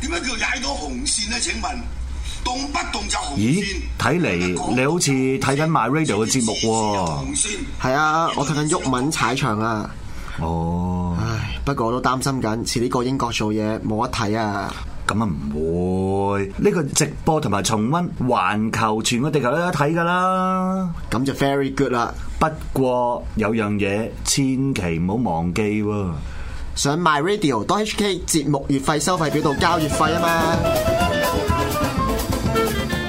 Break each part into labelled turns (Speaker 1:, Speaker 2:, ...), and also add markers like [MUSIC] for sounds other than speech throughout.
Speaker 1: 點 [LAUGHS] 解叫踩到紅線呢？請問動不動就紅線？咦，睇嚟你好似睇緊 My Radio 嘅節目喎。係啊，我睇緊毓民踩場啊。哦，唉，不過我都擔心緊，似呢個英國做嘢冇得睇啊。咁啊唔會，呢、呢個直播同埋重溫，環球全個地球都有得睇噶啦。咁就 very good 啦。不過有樣嘢千祈唔好忘記。想 myradio.hk 節目月費收費表度交月費啊嘛，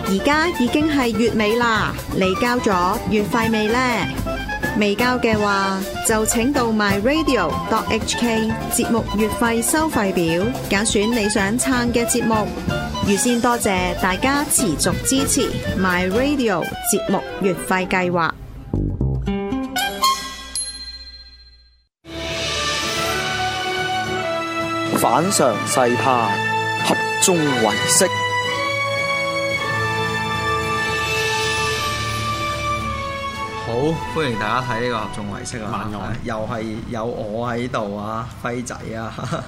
Speaker 2: 而家已經係月尾啦，你交咗月費未呢？未交嘅話就請到 myradio.hk 節目月費收費表揀選你想撐嘅節目，預先多謝大家持續支持 myradio 節目月費計劃。反常世態，合眾唯識。好，歡迎大家睇呢個合眾唯識啊！又係有我喺度啊，輝仔啊！ [LAUGHS]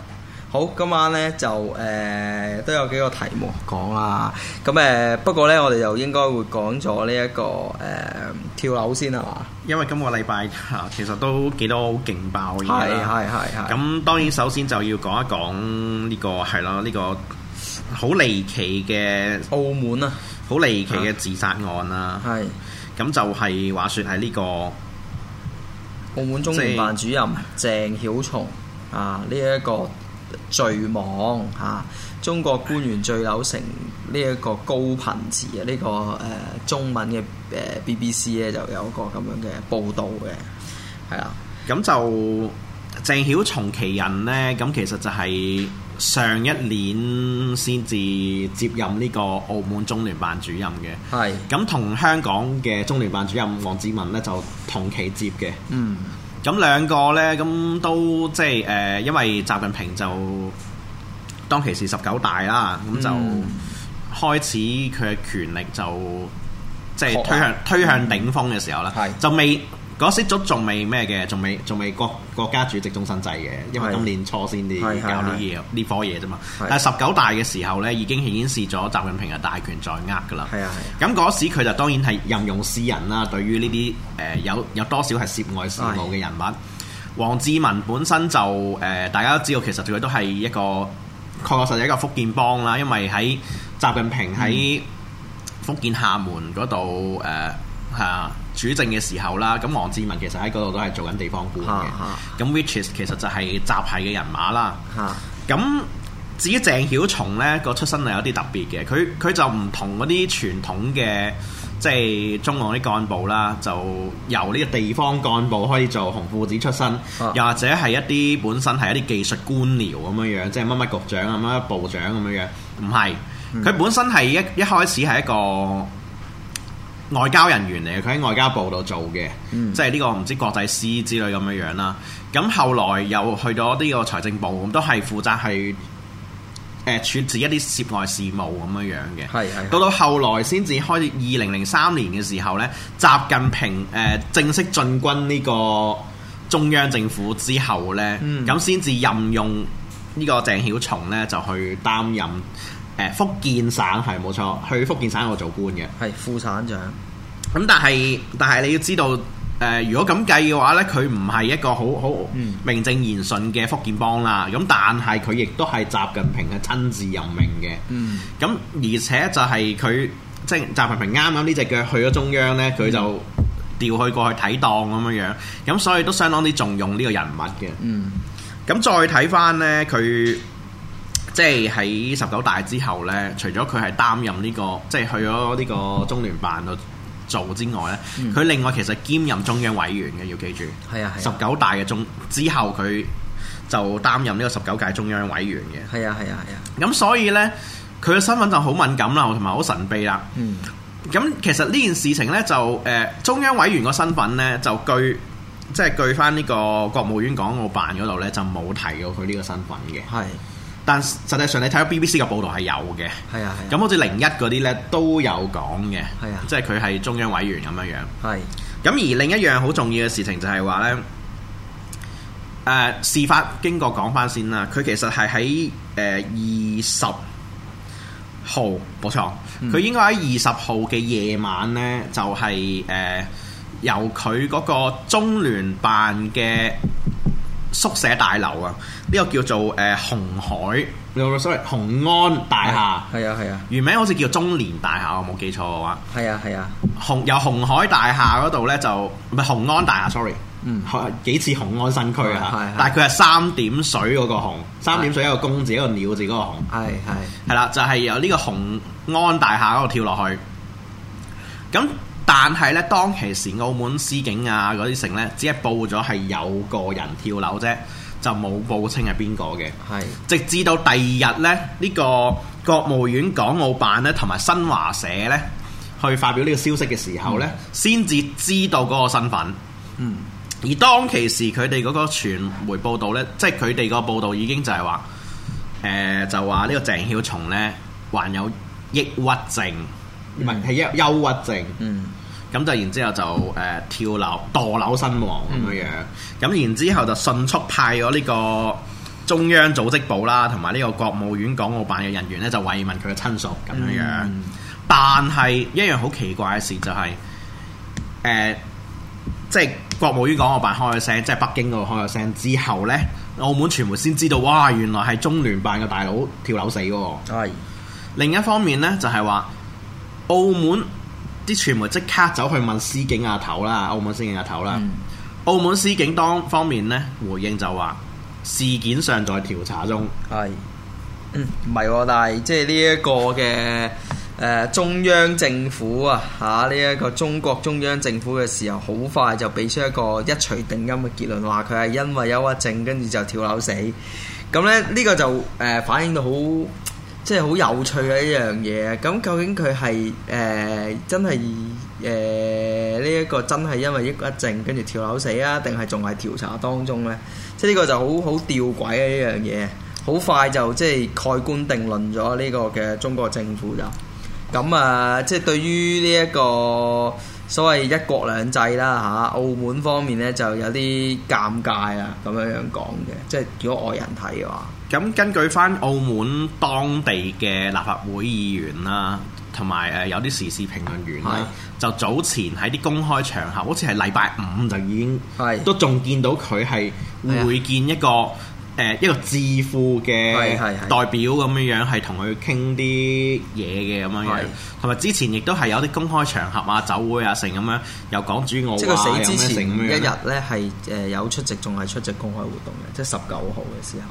Speaker 2: 好，今晚呢，就誒、呃、都有幾個題目講啊。咁誒、呃，不過呢，我哋就應該會講咗呢一個、呃、跳樓先啊嘛。
Speaker 1: 嗯因為今個禮拜嚇，其實都幾多好勁爆嘢啦。係，係咁當然首先就要講一講呢、這個係啦，呢、這個好離奇嘅澳門啊，好離奇嘅自殺案啦、啊。係是。咁就係、是、話說係呢、這個澳門中聯辦主任、就是、鄭曉松啊，呢、這、一個
Speaker 2: 墜亡嚇，中國官員墜樓成。呢一個高頻次嘅
Speaker 1: 呢個誒、呃、中文嘅誒 BBC 咧，就有一個咁樣嘅報導嘅，係啊的，咁就鄭曉松其人呢，咁其實就係上一年先至接任呢個澳門中聯辦主任嘅，係的。咁同香港嘅中聯辦主任王志民呢，就同期接嘅。
Speaker 2: 嗯。
Speaker 1: 咁兩個呢，咁都即係誒、呃，因為習近平就當其時十九大啦，咁就，嗯開始佢嘅權力就即係、就是、推向、嗯、推向頂峰嘅時候啦，係是就未嗰時仲未咩嘅，仲未仲未國國家主席終身制嘅，因為今年初先啲教呢啲嘢呢科嘢啫嘛。但係十九大嘅時候咧，已經顯示咗習近平係大權在握噶啦。係啊，咁嗰時佢就當然係任用私人啦。對於呢啲誒有有多少係涉外事務嘅人物，黃是志文本身就誒、呃、大家都知道，其實佢都係一個確確實實一個福建幫啦，因為喺。習近平喺福建廈門嗰度，誒、呃、嚇、啊、主政嘅時候啦。咁王志民其實喺嗰度都係做緊地方官嘅。咁 which is、啊啊、其實就係習系嘅人馬啦。咁、啊、至於鄭曉松咧，嗰個出身又有啲特別嘅。佢佢就唔同嗰啲傳統嘅，即係中共啲幹部啦，就由呢個地方幹部可以做紅褲子出身，啊、又或者係一啲本身係一啲技術官僚咁樣樣，即係乜乜局長、乜乜部長咁樣樣，唔係。佢本身係一一開始係一個外交人員嚟嘅，佢喺外交部度做嘅，嗯、即係呢個唔知國際司之類咁樣樣啦。咁後來又去咗呢個財政部，都係負責係誒、呃、處置一啲涉外事務咁樣樣嘅。係係。到到後來先至開始二零零三年嘅時候呢，習近平誒、呃、正式進軍呢個中央政府之後呢，咁先至任用呢個鄭曉松呢，就去擔任。福建省係冇錯，去福建省度做官嘅，係副省長。咁但係但係你要知道，誒、呃、如果咁計嘅話呢，佢唔係一個好好名正言順嘅福建幫啦。咁但係佢亦都係習近平嘅親自任命嘅。嗯。咁而且就係佢即係習近平啱啱呢隻腳去咗中央呢，佢就調去過去睇檔咁樣、嗯、樣。咁所以都相當啲重用呢個人物嘅。嗯。咁再睇翻呢佢。即係喺十九大之後呢，除咗佢係擔任呢、這個，即、就、係、是、去咗呢個中聯辦度做之外咧，佢、嗯、另外其實兼任中央委員嘅，要記住。係啊係、啊、十九大嘅中之後，佢就擔任呢個十九屆中央委員嘅。係啊係啊係啊！咁、啊啊、所以呢，佢嘅身份就好敏感啦，同埋好神秘啦。
Speaker 2: 嗯。
Speaker 1: 咁其實呢件事情呢，就誒、呃、中央委員個身份呢，就據即係、就是、據翻呢個國務院港澳辦嗰度呢，就冇提過佢呢個身份嘅。係。但實際上你睇到 BBC 嘅報導係有嘅，係啊係。咁好似零一嗰啲咧都有講嘅，係啊，即係佢係中央委員咁樣樣，係、啊。咁而另一樣好重要嘅事情就係話咧，誒、呃、事發經過講翻先啦，佢其實係喺誒二十號，冇、呃、錯，佢應該喺二十號嘅夜晚咧，就係、是、誒、呃、由佢嗰個中聯辦嘅。宿舍大樓啊，呢個叫做誒紅海，sorry 紅安大廈，係啊係啊，原名好似叫中聯大廈，我冇記錯嘅話，係啊係啊，紅由紅海大廈嗰度咧就唔係紅安大廈，sorry，嗯，幾似紅安新區啊，但係佢係三點水嗰個紅，三點水一個公字一個鳥字嗰個紅，係係係啦，就係由呢個紅安大廈嗰度跳落去，咁。但係咧，當其時澳門司警啊嗰啲成咧，只係報咗係有個人跳樓啫，就冇報清係邊個嘅。係是直至到第二日咧，呢、這個國務院港澳辦咧同埋新華社咧，去發表呢個消息嘅時候咧，先至、嗯、知道嗰個身份。嗯。而當其時佢哋嗰個傳媒報導咧，即係佢哋個報導已經就係話，誒、呃、就話呢個鄭曉松咧患有抑鬱症，唔係，係憂憂鬱症。嗯。咁就然之後就誒、呃、跳樓墮樓身亡咁樣、嗯、樣，咁然之後就迅速派咗呢個中央組織部啦，同埋呢個國務院港澳辦嘅人員咧，就慰問佢嘅親屬咁樣樣。但係一樣好奇怪嘅事就係、是，誒、呃，即、就、係、是、國務院港澳辦開咗聲，即、就、係、是、北京嗰度開咗聲之後呢，澳門傳媒先知道，哇！原來係中聯辦嘅大佬跳樓死喎、哦。哎、另一方面呢，就係、是、話澳門。啲傳媒即刻走去問司警阿頭啦，澳門司警阿頭啦，嗯、澳門司警當方面呢，回應就話事件尚在調查中。係，唔係喎？但係即係呢一個嘅誒、呃、中央政
Speaker 2: 府啊，嚇呢一個中國中央政府嘅時候，好快就俾出一個一錘定音嘅結論，話佢係因為憂鬱症跟住就跳樓死。咁咧呢、呢個就誒、呃、反映到好。即係好有趣嘅一樣嘢啊！咁究竟佢係誒真係誒呢一個真係因為抑鬱症跟住跳樓死啊？定係仲係調查當中呢？即係呢個就好好吊詭嘅一樣嘢，好快就即係蓋棺定論咗呢個嘅中國政府就咁啊！即係對於呢一個所謂一國兩制啦嚇，澳門方面呢就有啲尷尬啊咁樣樣講嘅，即係如果外人睇嘅話。
Speaker 1: 咁根據翻澳門當地嘅立法會議員啦，同埋誒有啲時事評論員嚟，是的 就早前喺啲公開場合，好似係禮拜五就已經，是的 都仲見到佢係會見一個誒是的、呃、一個智庫嘅代表咁樣樣，係同佢傾啲嘢嘅咁樣樣，同埋之前亦都係有啲公開場合啊、酒會啊成咁樣，又講至澳我。即係死之前一日
Speaker 2: 咧，係誒有出席，仲係出席公開活動嘅，即係十九號嘅時候。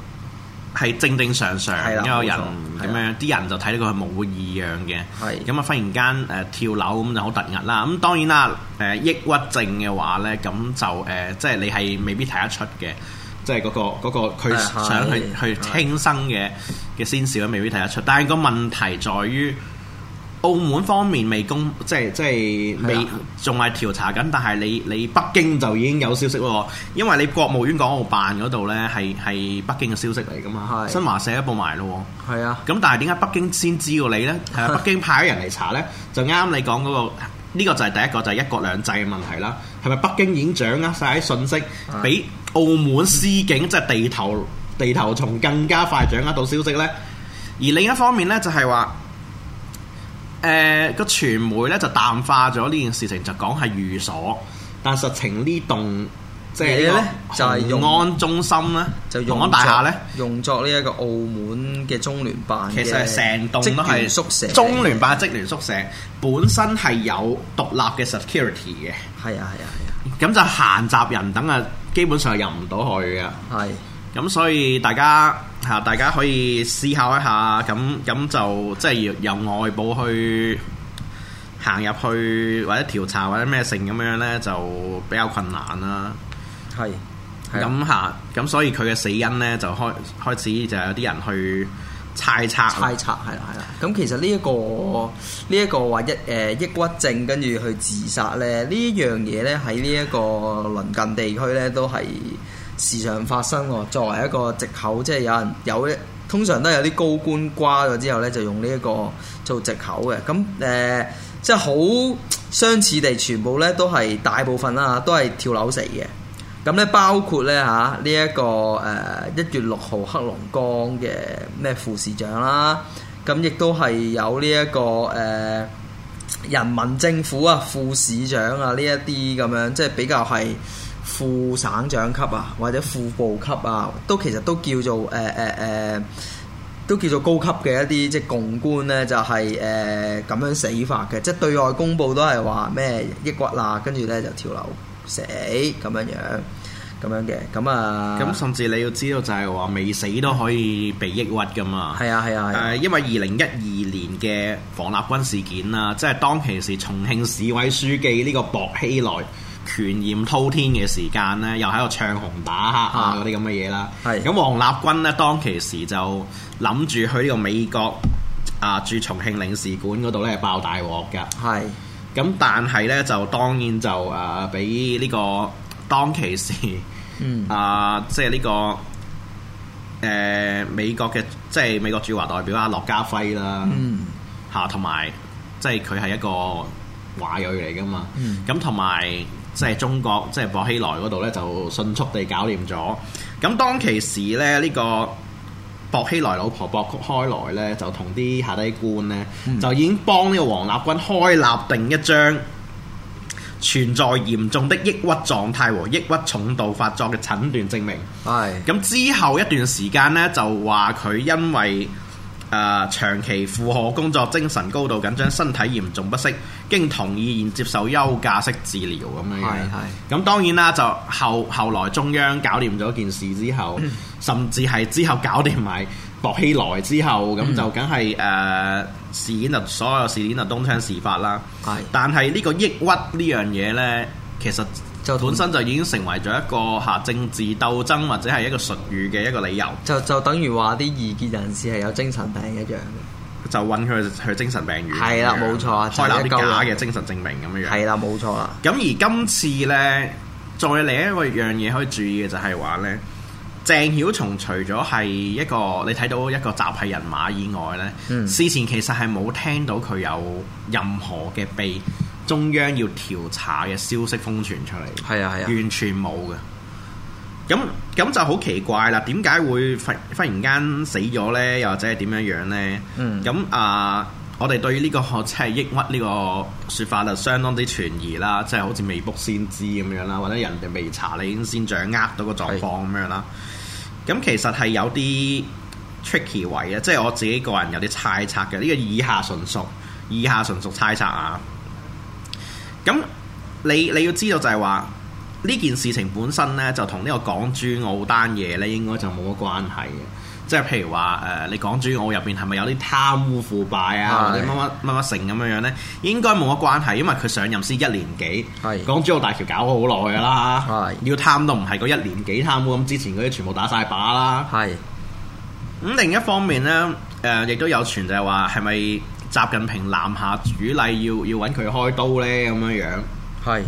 Speaker 1: 係正正常常的一個人咁錯樣，啲的人就睇到佢冇異樣嘅，咁啊的忽然間誒、呃、跳樓咁就好突兀啦。咁當然啦，誒、呃、抑鬱症嘅話咧，咁就誒、呃、即係你係未必睇得出嘅，嗯、即係嗰、嗰個佢、嗰個、想去的去輕生嘅嘅的先兆都未必睇得出。但係個問題在於。澳門方面未公，即係即係未仲係調查緊，但係你你北京就已經有消息咯，因為你國務院港澳辦嗰度呢，係係北京嘅消息嚟噶嘛，是新華社都報埋咯，係啊，咁但係點解北京先知道你呢？係啊，北京派咗人嚟查呢， [LAUGHS] 就啱你講嗰個呢個就係第一個就係、是、一國兩制嘅問題啦，係咪北京已經掌握晒啲信息，比澳門司警即係地頭地頭蟲更加快掌握到消息呢？而另一方面呢，就係話。誒，個傳、呃、媒咧就淡化咗呢件事情，就講係寓所，但實情呢棟嘢咧就係用安中心咧，就用安大廈咧，用作呢一個澳門嘅中聯辦，其實成棟都係宿舍，中聯辦嘅職員宿舍，宿舍本身係有獨立嘅 security 嘅，係啊係啊係啊，咁就閒雜人等啊，基本上入唔到去㗎，係的，咁的所以大家。吓，大家可以思考一下，咁咁就即係由外部去行入去或者調查或者咩性咁樣呢，就比較困難啦。係，咁吓、啊，咁所以佢嘅死因呢，就開開始就有啲人去猜測，猜測係啦係啦。咁、
Speaker 2: 啊啊啊、其實呢、這個哦、一個呢一個話一誒抑鬱症跟住去自殺呢，呢樣嘢呢，喺呢一個鄰近地區呢，都係。時常發生喎，作為一個藉口，即係有人有咧，通常都有啲高官瓜咗之後呢，就用呢一個做藉口嘅。咁誒、呃，即係好相似地，全部呢都係大部分啦都係跳樓死嘅。咁呢，包括呢，吓、啊，呢、這、一個誒一、呃、月六號黑龍江嘅咩副市長啦，咁、啊、亦都係有呢、這、一個誒、呃、人民政府啊副市長啊呢一啲咁樣，即係比較係。副省長級啊，或者副部級啊，都其實都叫做誒誒誒，都叫做高級嘅一啲即係共官咧，就係誒咁樣死法嘅，即係對外公佈都係話咩抑鬱啦、啊，跟住咧就跳樓死咁樣樣
Speaker 1: 咁樣嘅、啊，咁啊咁甚至你要知道就係話未死都可以被抑鬱噶嘛，係啊係啊，誒、啊啊啊啊呃、因為二零一二年嘅王立軍事件啦，即係當其時重慶市委書記呢個薄熙來。權焰滔天嘅時間咧，又喺度唱紅打黑啊嗰啲咁嘅嘢啦。係咁，王立軍咧當其時就諗住去呢個美國啊駐重慶領事館嗰度咧爆大鑊嘅。係咁，但係咧就當然就啊俾呢個當其時啊即係呢個誒美國嘅即係美國駐華代表阿駱家輝啦。嗯，同埋即係佢係一個華裔嚟噶嘛。咁同埋。即係中國，即係薄熙來嗰度咧，就迅速地搞掂咗。咁當其時咧，呢、這個薄熙來老婆薄谷開來咧，就同啲下低官咧，嗯、就已經幫呢個王立軍開立定一張存在嚴重的抑鬱狀態和抑鬱重度發作嘅診斷證明。係是。咁之後一段時間咧，就話佢因為誒、呃、長期負荷工作，精神高度緊張，身體嚴重不適，經同意現接受休假式治療咁、嗯、樣嘅。係係，咁當然啦，就後後來中央搞掂咗件事之後，嗯、甚至係之後搞掂埋薄熙來之後，咁、嗯、就梗係誒事件就所有事件就東窗事發啦。係是。但係呢個抑鬱呢樣嘢呢，其實。就本身就已經成為咗一個嚇政治鬥爭或者係一個術語嘅一個理由就。就就等於話啲異見人士係有精神病一樣嘅，就揾佢去精神病院。係啦，冇錯，就係，開啲假嘅精神證明咁樣。係啦，啊，冇錯啦。咁而今次呢，再嚟一個樣嘢可以注意嘅就係話呢，鄭曉松除咗係一個你睇到一個習系人馬以外呢事，嗯、前其實係冇聽到佢有任何嘅秘。中央要調查嘅消息瘋傳出嚟，係啊係啊，啊完全冇嘅。咁咁就好奇怪啦。點解會忽忽然間死咗呢？又或者係點樣樣呢？嗯，咁啊、呃，我哋對於呢、這個即係抑鬱呢個説法就相當之存疑啦，即、就、係、是、好似未卜先知咁樣啦，或者人哋未查你已經先先掌握到個狀況咁是樣啦。咁其實係有啲 tricky 位啊，即、就、係、是、我自己個人有啲猜測嘅。呢、這個以下純屬以下純屬猜測啊。咁你你要知道就係話呢件事情本身呢，就同呢個港珠澳單嘢，呢應該就冇乜關係嘅。即係譬如話誒、呃，你港珠澳入邊係咪有啲貪污腐敗啊？是的 或者乜乜乜乜成咁樣樣呢？應該冇乜關係，因為佢上任先一年幾，是的 港珠澳大橋搞好好耐噶啦，是的 要貪都唔係嗰一年幾貪污，咁之前嗰啲全部打晒靶啦。係咁是的 另一方面呢，誒亦都有傳就係話係咪？習近平南下主禮，要要揾佢開刀呢，咁樣樣是，係，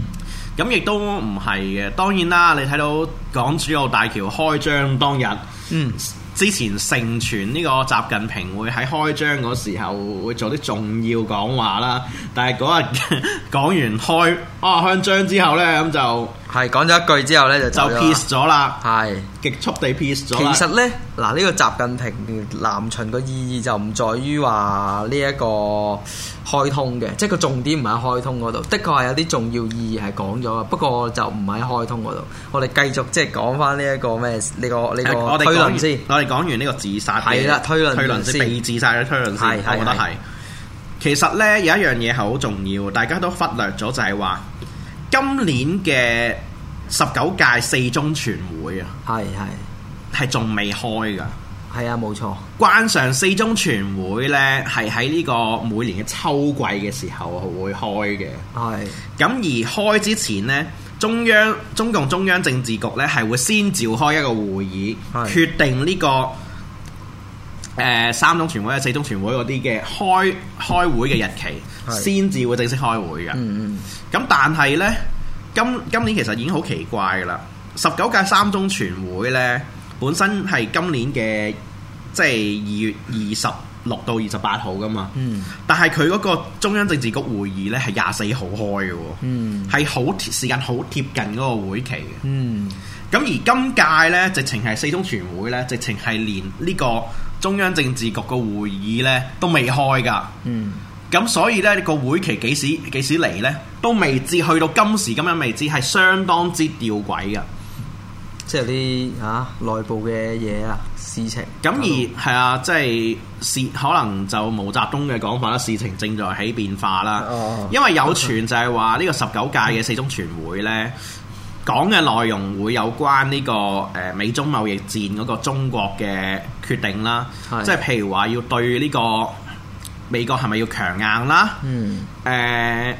Speaker 1: 咁亦都唔係嘅。當然啦，你睇到港珠澳大，大橋開張當日，嗯，之前盛傳呢個習近平會喺開張嗰時候會做啲重要講話啦，但係嗰日講完開啊開張之後呢，咁就。係講咗一句之後咧就就 peace 咗啦，係極是速地 peace 咗。其實咧嗱呢、這個習近平南
Speaker 2: 巡個意義就唔在於話呢一個開通嘅，即係個重點唔喺開通嗰度。的確係有啲重要意義係講咗，不過就唔喺開通嗰度。我哋繼續即係講翻呢一個咩？呢、這個呢的個推論先。
Speaker 1: 我哋講完呢個自殺係啦，推論推論先被自殺嘅推論先，我覺得係。其實咧，有一樣嘢係好重要，大家都忽略咗就係話。今年嘅十九屆四中全會啊是是，係係係仲未開噶，係啊冇錯。慣常四中全會呢，係喺呢個每年嘅秋季嘅時候會開嘅的。係咁而開之前呢，中央中共中央政治局呢係會先召開一個會議，的決定呢個。誒、呃、三中全會啊，四中全會嗰啲嘅開開會嘅日期先至 [LAUGHS] 是會正式開會嘅。咁、嗯嗯、但係呢，今今年其實已經好奇怪啦。十九屆三中全會呢，本身係今年嘅，即係二月二十六到二十八號噶嘛。嗯、但係佢嗰個中央政治局會議呢，係廿四號開嘅，係好、嗯、時間好貼近嗰個會期嘅。咁、嗯、而今屆呢，直情係四中全會呢，直情係連呢、呢個。中央政治局嘅會議咧都未開噶，咁所以呢個會期幾時幾時嚟呢，都未至、嗯、去到今時今日未知係相當之吊詭嘅，即係啲嚇內部嘅嘢、啊事情。咁而係那啊，即係事可能就毛澤東嘅講法啦，事情正在起變化啦。哦、因為有傳就係話呢個十九屆嘅四中全會呢，講嘅內容會有關呢、這個誒、呃、美中貿易戰嗰個中國嘅。決定啦，即係譬如話要對呢個美國係咪要強硬啦？誒、嗯呃，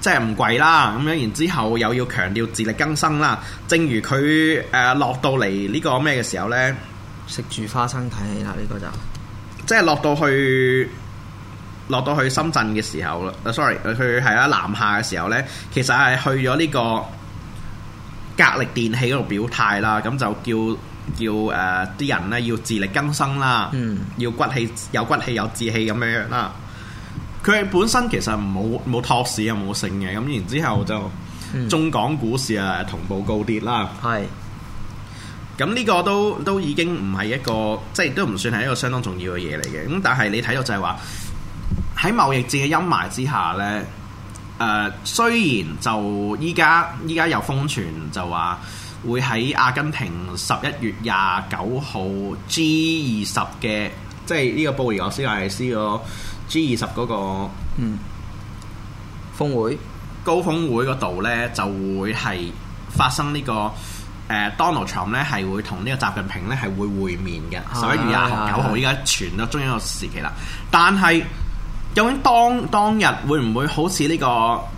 Speaker 1: 即係唔貴啦，咁樣然之後又要強調自力更生啦。正如佢誒、呃、落到嚟呢個咩嘅時候呢，食住花生睇戲啦呢個就，即係落到去落到去深圳嘅時候，啊 sorry，佢係啊南下嘅時候呢，其實係去咗呢個格力電器嗰度表態啦，咁就叫。要誒啲、呃、人咧要自力更生啦，嗯、要骨氣有骨氣有志氣咁樣啦。佢哋本身其實冇冇託市又冇升嘅，咁然之後就中港股市啊、嗯、同步高跌啦。係，咁呢個都都已經唔係一個即係都唔算係一個相當重要嘅嘢嚟嘅。咁但係你睇到就係話喺貿易戰嘅陰霾之下咧，誒、呃、雖然就依家依家有瘋傳，就話。會喺阿根廷十一月廿九號 G 二十嘅，即係呢個布宜諾斯艾利斯個 G 二十嗰個峰會高峰會嗰度呢，就會係發生呢個誒 Donald Trump 咧係會同呢個習近平呢係會會面嘅，十一月廿九號，依家傳到中間個時期啦，但係。究竟當當日會唔會好似呢個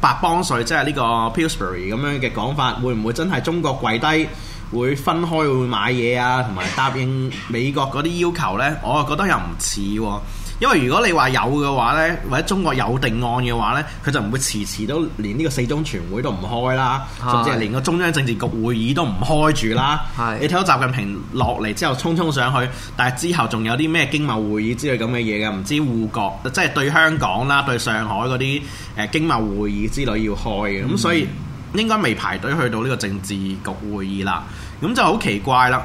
Speaker 1: 白邦瑞即係呢個 Pillsbury 咁樣嘅講法，會唔會真係中國跪低，會分開會買嘢啊，同埋答應美國嗰啲要求呢？我覺得又唔似喎。因為如果你話有嘅話呢，或者中國有定案嘅話呢，佢就唔會遲遲都連呢個四中全會都唔開啦，是的 甚至係連個中央政治局會議都唔開住啦。是的 你睇到習近平落嚟之後，匆匆上去，但係之後仲有啲咩經貿會議之類咁嘅嘢嘅，唔知互國即係、就是、對香港啦、對上海嗰啲誒經貿會議之類要開嘅，咁、嗯、所以應該未排隊去到呢個政治局會議啦。咁就好奇怪啦。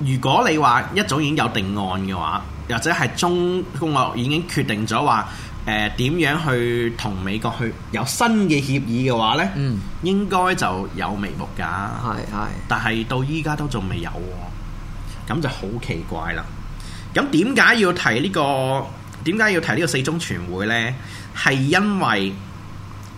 Speaker 1: 如果你話一早已經有定案嘅話，或者係中共樂已經決定咗話，誒、呃、點樣去同美國去有新嘅協議嘅話咧，嗯、應該就有眉目㗎。係係是是，但係到依家都仲未有，咁就好奇怪啦。咁點解要提呢個？點解要提呢個四中全會呢？係因為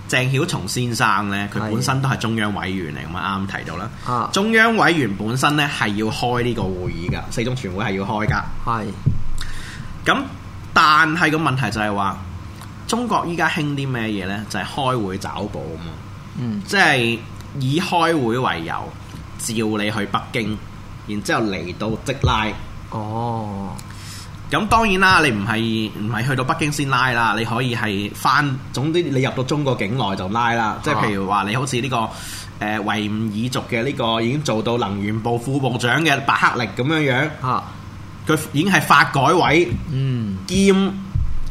Speaker 1: 鄭曉松先生呢，佢本身都係中央委員嚟，咁啊啱啱提到啦。是的 中央委員本身呢係要開呢個會議㗎，四中全會係要開㗎，係。咁，但係個問題就係話，中國依家興啲咩嘢呢？就係、是、開會抓捕啊嘛，即係、嗯、以開會為由召你去北京，然之後嚟到即拉。哦，咁當然啦，你唔係唔係去到北京先拉啦，你可以係翻總之你入到中國境內就拉啦。即係、啊、譬如話你好似呢、這個誒、呃、維吾爾族嘅呢、這個已經做到能源部副部長嘅白克力咁樣樣。啊。佢已經係發改委兼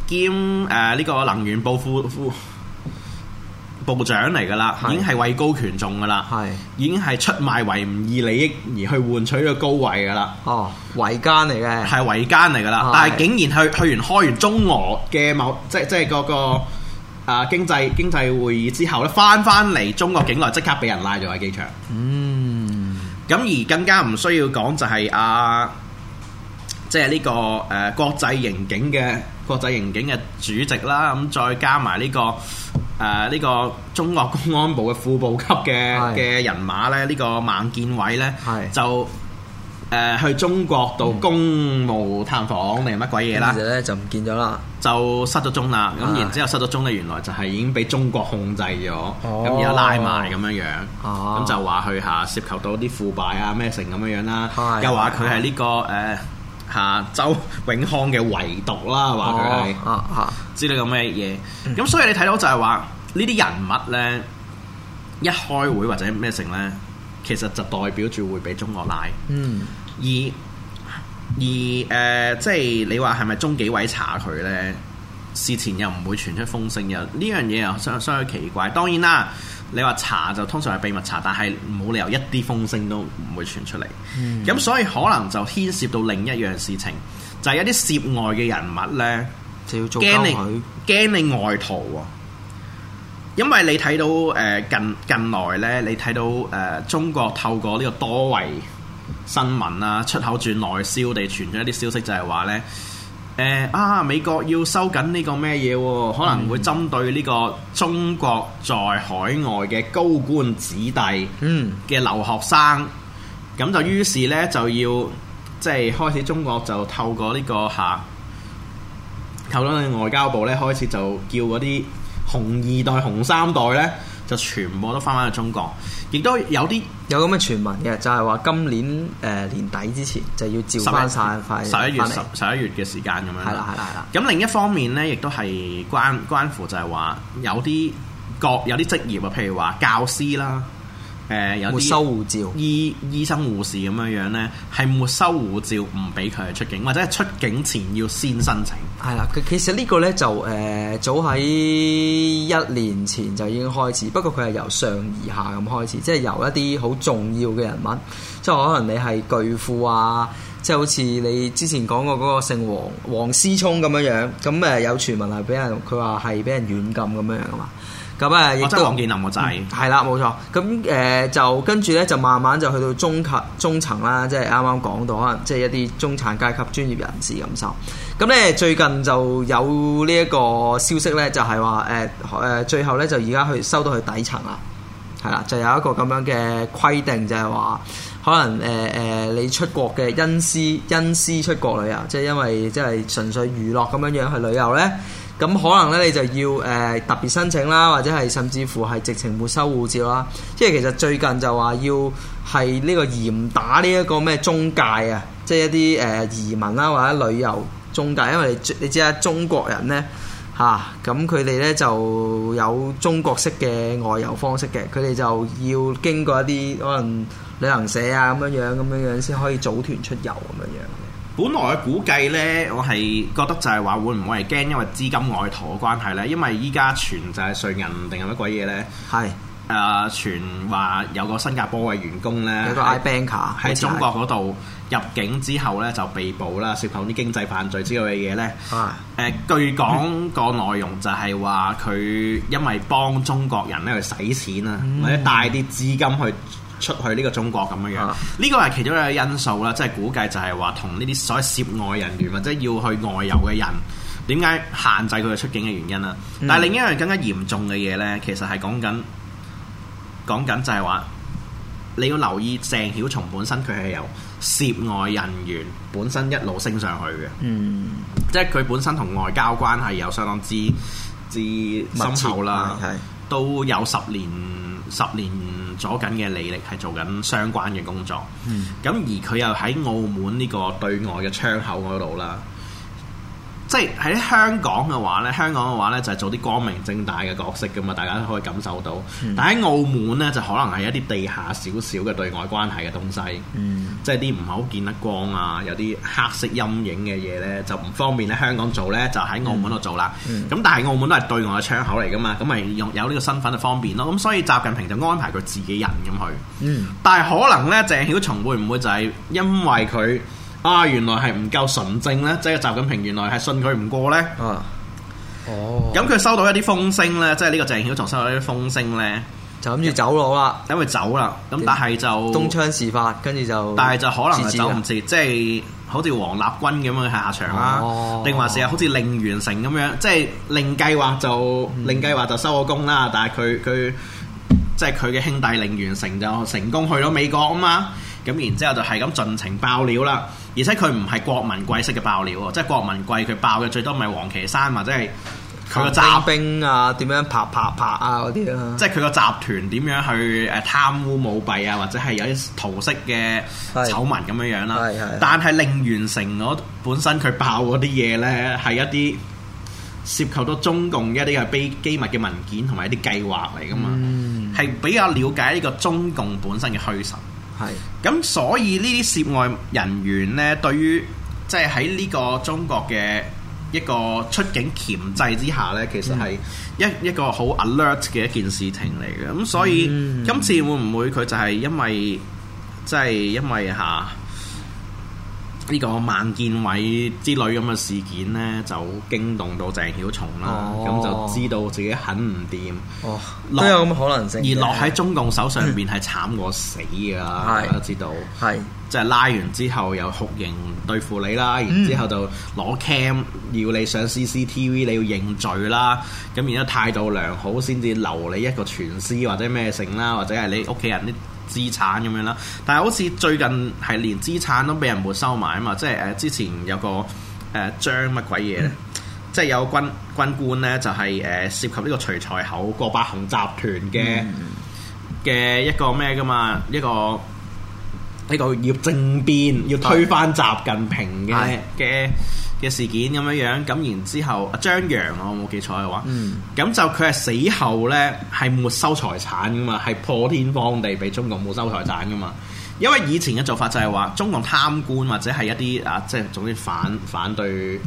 Speaker 1: 兼誒、呢、呃，這個能源部副副部長嚟噶啦，是的 已經係位高權重噶啦，是的 已經係出賣維吾爾利益而去換取呢個高位噶啦。哦，維奸嚟嘅，係維奸嚟噶啦。是的 但係竟然去去完開完中俄嘅某即即係、那、嗰個啊，經濟經濟會議之後咧，翻翻嚟中國境內即刻俾人拉咗喺機場。嗯，咁而更加唔需要講就係、是、阿。啊即係呢個誒國際刑警嘅國際刑警嘅主席啦，咁再加埋呢個誒呢個中國公安部嘅副部級嘅嘅人馬咧，呢個孟建偉咧就誒去中國度公務探訪定乜鬼嘢啦，就唔見咗啦，就失咗蹤啦。咁然之後失咗蹤咧，原來就係已經俾中國控制咗，咁而家拉埋咁樣樣，咁就話去下涉及到啲腐敗啊咩成咁樣樣啦，又話佢係呢個誒。吓、啊、周永康嘅遺毒啦，話佢係知呢個咩嘢？咁、嗯、所以你睇到就係話呢啲人物咧，一開會或者咩成咧，其實就代表住會俾中國奶。嗯，而而誒，即、呃、係、就是、你話係咪中紀委查佢咧？事前又唔會傳出風聲，又呢樣嘢又相相，相對奇怪。當然啦。你話查就通常係秘密查，但係冇理由一啲風聲都唔會傳出嚟。咁、嗯、所以可能就牽涉到另一樣事情，就係、是、一啲涉外嘅人物呢，驚你驚你外逃喎、哦，因為你睇到誒、呃、近近來呢，你睇到誒、呃、中國透過呢個多維新聞啊出口轉內銷地傳咗一啲消息，就係話呢。啊！美國要收緊呢個咩嘢？可能會針對呢個中國在海外嘅高官子弟嘅留學生，咁、嗯、就於是呢，就要即係、就是、開始中國就透過呢、呢個下、啊、透過外交部呢，開始就叫嗰啲紅二代、紅三代呢。就全部都翻返去中國，亦都有啲有咁嘅傳聞嘅，就係、是、話今年誒、呃、年底之前就要照翻曬，快十一月十十一月嘅時間咁樣。係啦係啦係啦。咁另一方面咧，亦都係關關乎就係話有啲各有啲職業啊，譬如話教師啦。誒、呃、有啲沒收護照，醫醫生護士咁樣樣呢，係沒收護照，唔俾佢出境，或者係出境前要先申請。係啦，其實呢個呢，就誒、呃、
Speaker 2: 早喺一年前就已經開始，不過佢係由上而下咁開始，即、就、係、是、由一啲好重要嘅人物，即係可能你係巨富啊，即、就、係、是、好似你之前講過嗰個姓王王思聰咁樣樣，咁誒有傳聞係俾人，佢話係俾人軟禁咁樣樣嘛。咁啊，亦都王健林個仔，係啦、哦，冇、嗯、錯。咁誒、呃、就跟住咧，就慢慢就去到中級中層啦，即係啱啱講到啊，即係一啲中產階級專業人士咁收。咁咧最近就有呢一個消息咧，就係話誒誒，最後咧就而家去收到去底層啦，係啦，就有一個咁樣嘅規定就，就係話可能誒誒、呃呃，你出國嘅因私因私出國旅遊，即係因為即係、就是、純粹娛樂咁樣樣去旅遊咧。咁可能咧，你就要誒、呃、特別申請啦，或者係甚至乎係直情沒收護照啦。即係其實最近就話要係呢個嚴打呢一個咩中介啊，即係一啲誒、呃、移民啦或者旅遊中介，因為你你知啦，中國人咧嚇咁，佢哋咧就有中國式嘅外遊方式嘅，佢哋就要經過一啲可能旅行社啊咁樣樣咁樣樣先可以組團出遊咁樣樣。
Speaker 1: 本來估計呢，我係覺得就係話會唔會係驚，因為資金外逃嘅關係呢？因為依家傳就係瑞銀定係乜鬼嘢呢？係是，誒傳話有個新加坡嘅員工呢有個 IBanker 喺、呃、是中國嗰度入境之後呢，就被捕啦，涉及啲經濟犯罪之類嘅嘢呢。誒是、呃，據講個內容就係話佢因為幫中國人咧去洗錢啊，嗯、或者帶啲資金去。出去呢個中國咁樣樣，呢個係其中一個因素啦，即係估計就係話同呢啲所謂涉外人員或者要去外遊嘅人，點解限制佢嘅出境嘅原因啦？嗯、但係另一樣更加嚴重嘅嘢呢，其實係講緊講緊就係話你要留意鄭曉松本身佢係由涉外人員本身一路升上去嘅，嗯，即係佢本身同外交關係有相當之之深厚密切啦，都有十年十年左緊嘅履歷，歷，係做緊相關嘅工作。咁、嗯、而佢又喺澳門呢個對外嘅窗口嗰度啦。即係喺香港嘅話呢，香港嘅話呢，就係做啲光明正大嘅角色㗎嘛，大家都可以感受到。嗯、但喺澳門呢，就可能係一啲地下少少嘅對外關係嘅東西，嗯、即係啲唔好見得光啊，有啲黑色陰影嘅嘢呢，就唔方便喺香港做呢，就喺澳門度做啦。咁、嗯嗯、但係澳門都係對外嘅窗口嚟㗎嘛，咁咪用有呢個身份就方便咯。咁所以習近平就安排佢自己人咁去。
Speaker 2: 嗯、
Speaker 1: 但係可能呢，鄭曉松會唔會就係因為佢？啊！原來係唔夠純正咧，即係習近平原來係信佢唔過咧、啊。哦。咁佢收到一啲風聲咧，即係呢個鄭曉松收到一啲風聲咧，就諗住走佬啦。等佢走啦。咁但係就東窗事發，跟住就。但係就可能就走唔切，即係好似王立軍咁樣嘅下場啦。定話、哦、係啊，好似令完成咁樣，哦、即係令計劃就、嗯、令計劃就收咗工啦。但係佢佢即係佢嘅兄弟令完成就成功去到美國啊嘛。咁然之後就係咁盡情爆料啦，而且佢唔係郭文貴式嘅爆料，即係郭文貴佢爆嘅最多咪王岐山或者係佢個揸兵啊，點樣拍拍拍啊嗰啲，即係佢個集團點樣去誒貪污舞弊啊，或者係有啲桃色嘅是醜聞咁樣樣啦。但係令完成我本身佢爆嗰啲嘢呢，係一啲涉及到中共一啲嘅秘機密嘅文件同埋一啲計劃嚟噶嘛，係、嗯、比較了解呢個中共本身嘅虛實。係，咁是所以呢啲涉外人員呢，對於即係喺呢個中國嘅一個出境鉗制之下呢，其實係一一個好 alert 嘅一件事情嚟嘅。咁、嗯、所以、嗯、今次會唔會佢就係因為即係、就是、因為下？啊呢個孟建偉之類咁嘅事件呢，就驚動到鄭曉松啦，咁、哦、就知道自己肯唔掂，哦、落都有咁嘅可能性。而落喺中共手上面係、嗯、慘過死㗎啦，大家是知道。係是即係拉完之後又酷刑對付你啦，嗯、然之後就攞 cam 要你上 CCTV，你要認罪啦。咁然之後態度良好先至留你一個全屍或者咩性啦，或者係你屋企人啲。資產咁樣啦，但係好似最近係連資產都俾人沒收埋啊嘛，即係誒、呃、之前有個誒張乜鬼嘢，嗯、即係有個軍軍官咧就係、是、誒、呃、涉及呢個徐才厚、郭伯雄集團嘅嘅、嗯、一個咩噶嘛一個。呢個要政變，要推翻習近平嘅嘅嘅事件咁樣樣，咁然之後啊張楊，我冇記錯嘅話，咁、嗯、就佢係死後咧係沒收財產噶嘛，係破天荒地俾中共沒收財產噶嘛，因為以前嘅做法就係話中共貪官或者係一啲啊，即係總之反反對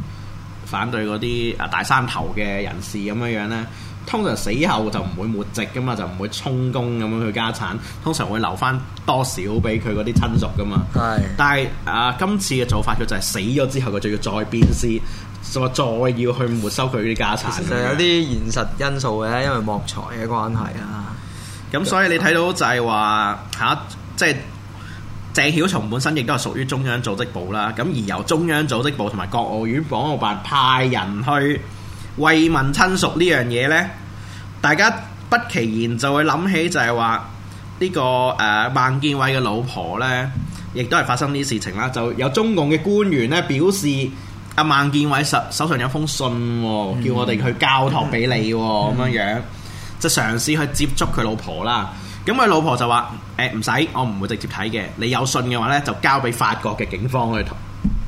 Speaker 1: 反對嗰啲啊大山頭嘅人士咁樣樣咧。通常死後就唔會沒籍噶嘛，就唔會充公咁樣去家產，通常會留翻多少俾佢嗰啲親屬噶嘛。係是的，但係啊，今次嘅做法佢就係死咗之後佢就要再鞭屍，就再要去沒收佢啲家產。其實有啲現實因素嘅，因為莫財嘅關係啊。咁、嗯、所以你睇到就係話嚇，即、啊、係、就是、鄭曉松本身亦都係屬於中央組織部啦。咁而由中央組織部同埋國務院港澳辦派人去。慰問親屬呢樣嘢呢，大家不其然就會諗起就係話呢個誒、呃、孟建偉嘅老婆呢，亦都係發生啲事情啦。就有中共嘅官員呢，表示，阿、啊、孟建偉手手上有一封信、哦，叫我哋去交託俾你咁、哦、樣、嗯、樣，就嘗試去接觸佢老婆啦。咁佢老婆就話：誒唔使，我唔會直接睇嘅。你有信嘅話呢，就交俾法國嘅警方去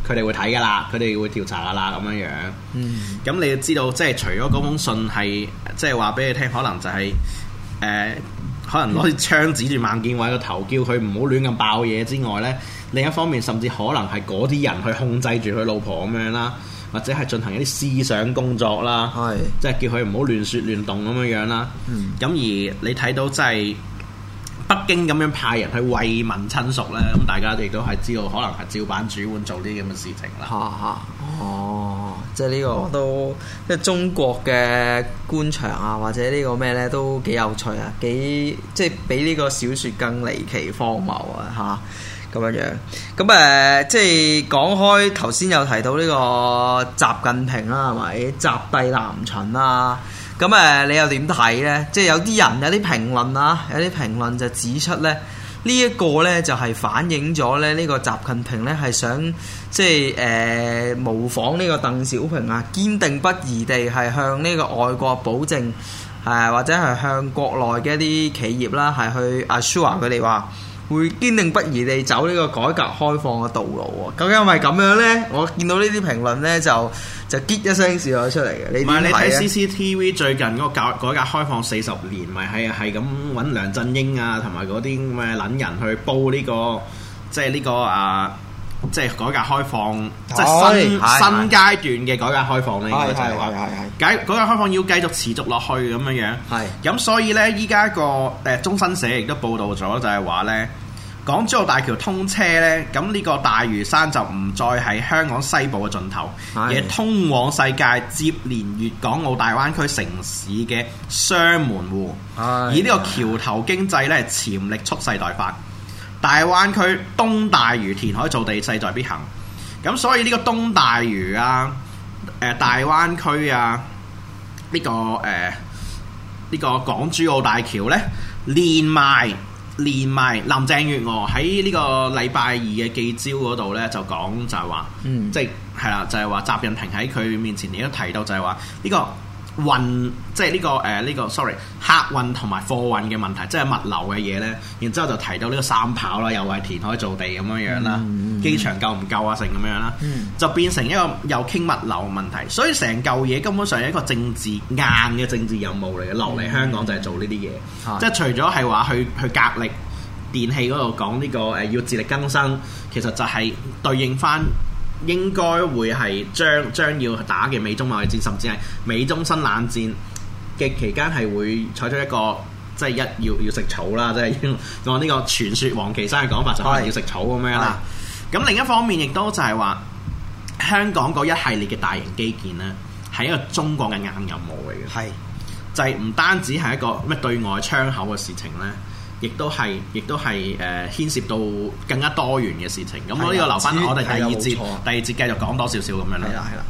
Speaker 1: 佢哋會睇噶啦，佢哋會調查噶啦，咁樣樣。嗯，咁你就知道，即係除咗嗰封信係，嗯、即係話俾你聽，可能就係誒，可能攞支槍指住孟建偉個頭，叫佢唔好亂咁爆嘢之外咧，另一方面甚至可能係嗰啲人去控制住佢老婆咁樣啦，或者係進行一啲思想工作啦，係，是的 即係叫佢唔好亂説亂動咁樣樣啦。嗯，咁而你睇到即係。北京咁樣派人去慰問親屬咧，咁大家亦都係知道，可能係照板煮碗做啲咁嘅事情啦。嚇嚇、
Speaker 2: 啊，哦，即係呢個
Speaker 1: 都即係中國嘅官場啊，
Speaker 2: 或者個呢個咩咧都幾有趣啊，幾即係比呢個小說更離奇荒謬啊，嚇咁樣樣。咁、嗯、誒、嗯，即係講開頭先有提到呢個習近平啦、啊，係咪？習帝南巡啊？咁誒，你又點睇呢？即係有啲人有啲評論啊，有啲評論就指出呢，呢、這、一個呢就係反映咗呢呢個習近平呢係想即係誒、呃、模仿呢個鄧小平啊，堅定不移地係向呢個外國保證誒、啊，或者係向國內嘅一啲企業啦，係去 assure 佢哋話。會堅定不移地走呢個改革開放嘅道路喎。究竟係咪咁樣咧，我見到呢啲評論咧，就就 hit 一聲笑咗出嚟嘅。唔係你睇
Speaker 1: CCTV 最近嗰個改改革開放四十年，咪係係咁揾梁振英啊，同埋嗰啲咩撚人去煲呢個，即係呢個啊，即係改革開放，即係新新階段嘅改革開放咧，應該就係係係係。改改革開放要繼續持續落去咁樣樣。係。咁所以咧，依家個誒中新社亦都報道咗，就係話咧。港珠澳大橋通車呢，咁呢個大嶼山就唔再係香港西部嘅盡頭，而係通往世界、接連粵港澳大灣區城市嘅雙門戶，而呢個橋頭經濟呢，潛力蓄勢待發，大灣區東大嶼填海造地勢在必行，咁所以呢個東大嶼啊、呃，大灣區啊，呢、呢個誒呢、呃呢個港珠澳大橋呢，連埋。連埋林鄭月娥喺呢個禮拜二嘅記招嗰度咧，就講就係話，即係係啦，就係話習近平喺佢面前，亦都提到就係話呢個。運即係呢、這個誒呢、呃這個，sorry，客運同埋貨運嘅問題，即係物流嘅嘢呢。然之後就提到呢個三跑啦，又話係填海造地咁樣樣啦，機場夠唔夠啊？成咁樣樣啦，嗯、就變成一個又傾物流問題。所以成嚿嘢根本上係一個政治硬嘅政治任務嚟嘅，留嚟、嗯、香港就係做呢啲嘢。即係除咗係話去去格力電器嗰度講呢個誒要自力更生，其實就係對應翻。應該會係將將要打嘅美中貿易戰，甚至係美中新冷戰嘅期間，係會採取一個即係一要要食草啦，即係用我呢個傳説黃岐山嘅講法就，就可能要食草咁樣啦。咁另一方面，亦都就係話香港嗰一系列嘅大型基建呢，係一個中國嘅硬任務嚟嘅，係是就係唔單止係一個咩對外窗口嘅事情呢。亦都係，亦都係誒牽涉到更加多元嘅事情。咁的我呢個留翻的我哋第二節，第二節繼續講多少少咁樣啦。